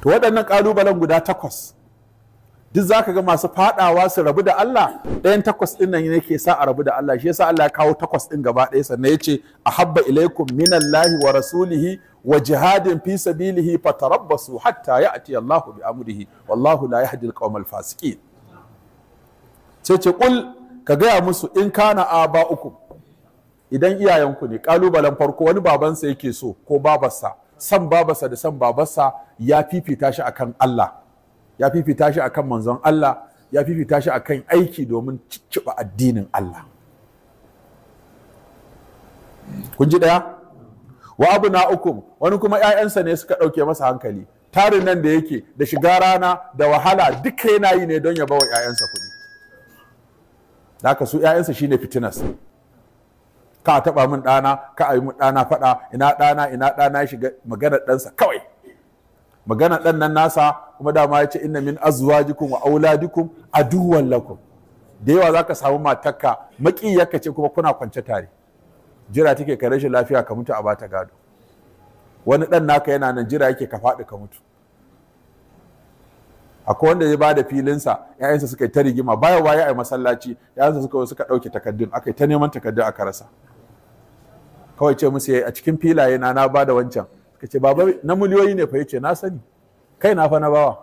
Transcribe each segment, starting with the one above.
to waɗannan ƙalubalen guda takwas duk za ka ga masu faɗawa su rabu da Allah ɗayan takwas ɗin nan ke sa a rabu da Allah shi yasa Allah ya kawo takwas ɗin gaba ɗaya sannan ya ce a habba ilaikum minallahi wa rasulihi wa jihadin fi sabilihi fatarabbasu hatta ya'ti Allahu bi amrihi wallahu la yahdi al-qawmal fasiqin sai ce kul ka gaya musu in kana aba'ukum idan iyayenku ne kalubalen farko wani babansa yake so ko babarsa san babarsa da san babarsa ya fifita shi akan Allah ya fifita shi akan manzon Allah ya fifita shi akan aiki domin cicciɓa addinin Allah kun ji ɗaya wa abu na uku wani kuma 'ya'yansa ne suka ɗauke masa hankali tarin nan da yake da shiga rana da wahala duka yana yi ne don ya bawa 'ya'yansa kuɗi da haka su 'ya'yansa shine fitinas ka taɓa min ɗana ka a yi min ɗana faɗa ina ɗana ina ɗana ya shiga maganar ɗansa kawai maganar ɗan nan nasa kuma dama ya ce inna min azwajikum wa auladikum aduwwan lakum da yawa za ka samu matarka maƙiyarka ce kuma kuna kwance tare jira take ka rashin lafiya ka mutu a bata gado wani ɗan naka yana nan jira yake ka faɗi ka mutu akwai wanda ya bada filinsa ‘ya'yansa suka yi ta rigima Bayan waye a masallaci ‘ya'yansa suka suka ɗauke takaddun aka yi ta neman takaddun aka rasa kawai ce musu eh, a cikin filaye na na ba da wancan suka ce baba na miliyoyi ne fa yace na sani kai na fa na bawa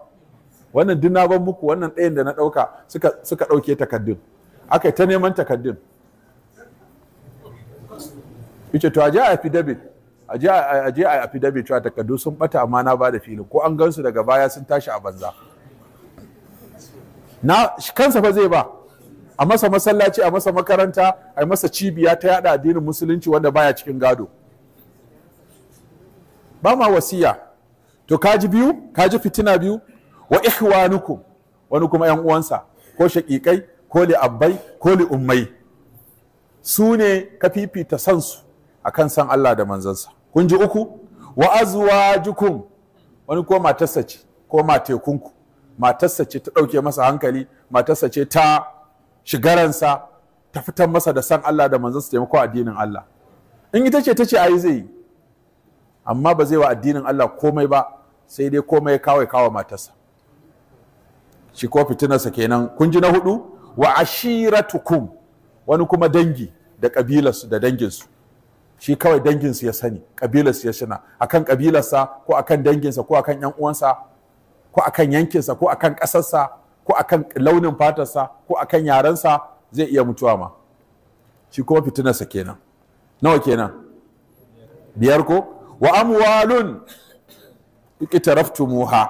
wannan duk na ban muku wannan ɗayan da na ɗauka suka suka ɗauke takaddun aka yi ta neman takaddun yace to a je a affidavit a je a je a affidavit sun bata amma na ba da filin ko an gansu daga baya sun tashi a banza na kansa fa zai ba a masa masallaci a masa makaranta a masa cibiya ta yada addinin musulunci wanda baya cikin gado ba ma wasiya to kaji biyu kaji fitina biyu wa ihwanukum wani kuma yan uwansa ko shaƙiƙai ko li'abbai ko li'ummai su ne ka fifita san su akan san Allah da manzansa kun ji uku wa azwajukum wani ko matarsa ce ko matekunku matarsa ce ta ɗauke masa hankali matarsa ce ta shigaransa ta fitar masa da san Allah da manzansa su taimako addinin Allah in ita ce ta ce ai zai amma ba zai wa addinin Allah komai ba sai dai komai kawai kawo matarsa shi ko fitinarsa kenan kun ji na hudu wa ashiratukum wani kuma dangi da kabilarsu da danginsu shi kawai danginsu ya sani kabilarsu ya shina akan kabilarsa ko akan danginsa ko akan yan uwansa ko akan yankinsa ko akan kasarsa ko akan launin fatarsa ko akan yarensa zai iya mutuwa ma shi kuma fitinarsa kenan nawa kenan biyar ko wa amwalun iktaraftumuha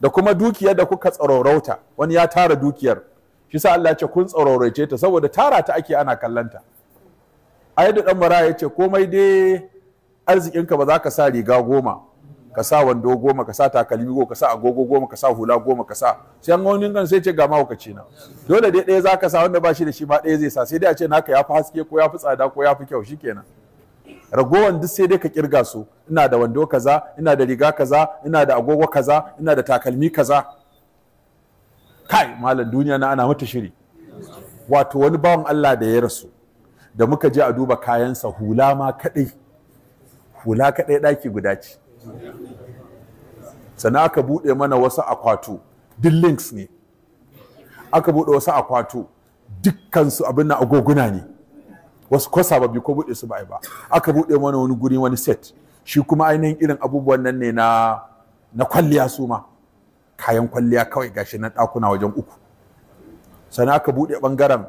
da kuma dukiyar da kuka tsaraurauta wani ya tara dukiyar shi sa Allah ce kun tsaroraice ta saboda tara ta ake ana kallanta ai da dan mara ya ce komai dai arzikinka ba za ka sa riga goma ka sa wando goma ka sa takalmi goma ka sa agogo goma ka sa hula goma ka sa sai an gani kan sai ce ga mahaukaci na dole dai ɗaya zaka sa wanda ba shi da shi ma ɗaya zai sa sai dai a ce naka ya fi haske ko ya fi tsada ko ya fi kyau shikenan ragowan duk sai dai ka kirga su ina da wando kaza ina da riga kaza ina da agogo kaza ina da takalmi kaza kai malam duniya na ana mata shiri wato wani bawan Allah da ya rasu da muka je a duba kayansa hula ma kadai hula kadai daki guda ce sannan aka buɗe mana wasu akwatu duk links ne aka buɗe wasu akwatu dukkansu abin na agoguna ne wasu ko sababbi ko buɗe su ba ba aka buɗe mana wani guri wani set shi kuma ainihin irin abubuwan nan ne na na kwalliya su ma kayan kwalliya kawai gashi na ɗakuna wajen uku sannan aka buɗe ɓangaren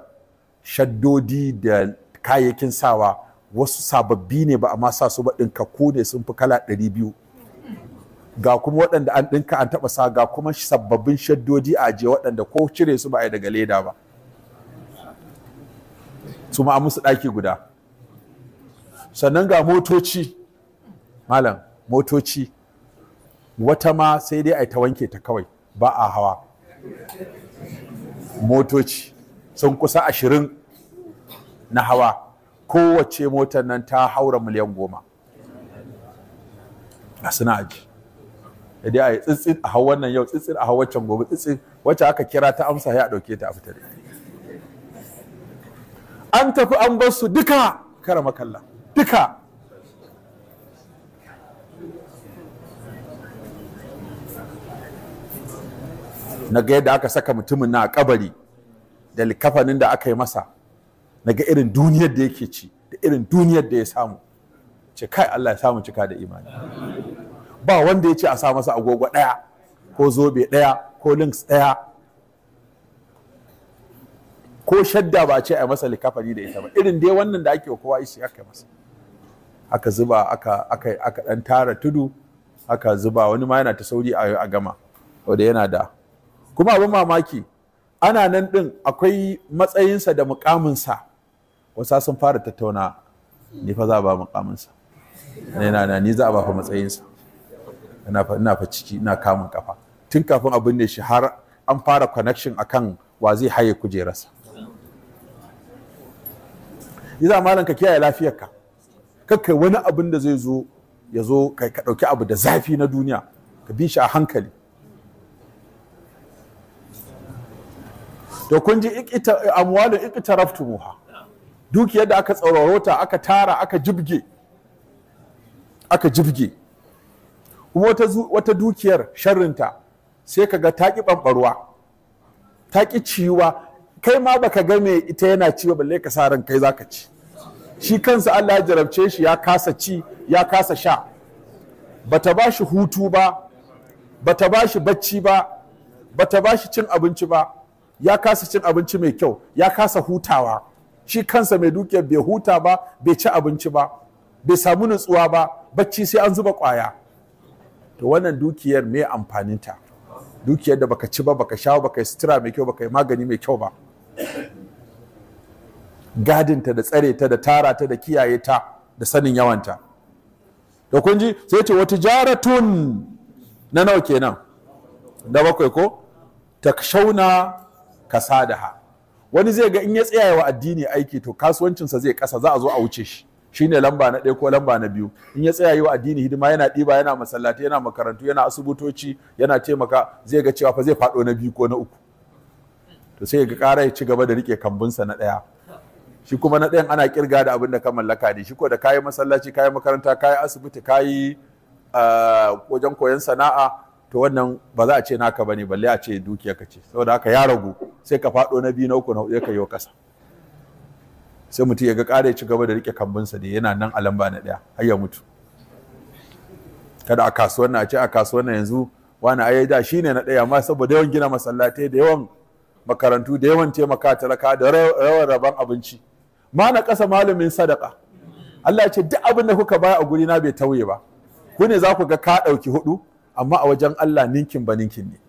shaddodi da kayayyakin sawa wasu sababbi ne ba a ma sa su ba ɗinka ne sun fi kala ɗari biyu ga kuma waɗanda an ɗinka an taɓa sa ga kuma sababbin shaddodi a ajiye waɗanda ko cire su ba a yi daga leda ba su ma musu ɗaki guda sannan ga motoci malam motoci wata ma sai dai a ta wanke ta kawai ba a hawa motoci sun kusa ashirin na hawa kowace motar nan ta haura miliyan goma a suna aji da ya yi tsitsit a hawan yau tsitsit a hawan can gobe tsitsit wacce aka kira ta amsa ya dauke ta a fita an tafi an bar su duka kara makalla duka na ga yadda aka saka mutumin na a kabari da likafanin da aka yi masa na ga irin duniyar da yake ci da irin duniyar da ya samu ce kai Allah ya samu cika da imani ba wanda ya ce a sa masa agogo ɗaya ko zobe ɗaya ko links ɗaya ko shadda ba ce a yi masa likafari da ita ba irin dai wannan da ake kowa ishi aka masa aka zuba aka aka tara tudu aka zuba wani ma yana ta sauri a gama wanda yana da kuma abin mamaki ana nan ɗin akwai matsayinsa da mukaminsa wasa sun fara tattauna ni fa za ba mukaminsa na ni za a ba fa matsayinsa ina fa ciki ina kamun kafa tun kafin abin ne shi har an fara connection akan wa zai haye kujerarsa Iza malam ka kiyaye lafiyarka kakkai wani abin da zai zo ya zo ka ɗauki abu da zafi na duniya ka bi shi a hankali to kun ji amwalin muha dukiyar da aka tsororota, aka tara aka jibge aka jibge kuma wata dukiyar sharrinta sai ka ga taƙi ɓanɓarwa taƙi ciwa kai ma baka ga me ita yana ciwa balle ka sa ran kai zaka ci shi kansa Allah ya jarabce shi ya kasa ci ya kasa sha bata ba shi hutu ba bata ba shi bacci ba bata ba shi cin abinci ba ya kasa cin abinci mai kyau ya kasa hutawa shi kansa mai dukiyar bai huta ba bai ci abinci ba bai samu nutsuwa ba bacci sai an zuba kwaya to wannan dukiyar me amfaninta dukiyar da baka ci ba baka sha baka yi sutura mai kyau baka yi magani mai kyau ba gadinta da tsare ta da tara ta da kiyaye ta da sanin yawanta da kun ji sai ce wata jaratun na nawa kenan da bakwai ko ta shauna ha. wani zai ga in ya tsaya wa addini aiki to kasuwancinsa zai kasa za a zo a wuce shi shine lamba na ɗaya ko lamba na biyu in ya tsaya yi wa addini hidima yana ɗiba yana masallatai yana makarantu yana asibitoci yana taimaka zai ga cewa fa zai faɗo na biyu ko na uku to sai ga ƙara ya ci gaba da riƙe kambunsa na ɗaya shi kuma na ɗayan ana kirga da abin da ka mallaka ne shi ko da kayi masallaci kayi makaranta kayi asibiti kayi ah, wajen koyon sana'a to wannan ba za a ce naka bane balle a ce ka ce saboda haka ya ragu sai ka faɗo na biyu na uku na huɗu ka yi wa ƙasa sai mutum ya ga ƙara ya ci gaba da rike kambinsa da yana nan a lamba na ɗaya har ya mutu kada a kasuwan na a ce a kasuwan na yanzu wani ayi da shi ne na ɗaya amma saboda yawan gina masallatai da yawan makarantu da yawan taimaka talaka da rawar rabon abinci ma na ƙasa malamin sadaka Allah ya ce duk abin da kuka baya a guri na bai tauye ba ku ne za ku ga ka ɗauki huɗu? amma a wajen Allah ninkin ba ninkin ne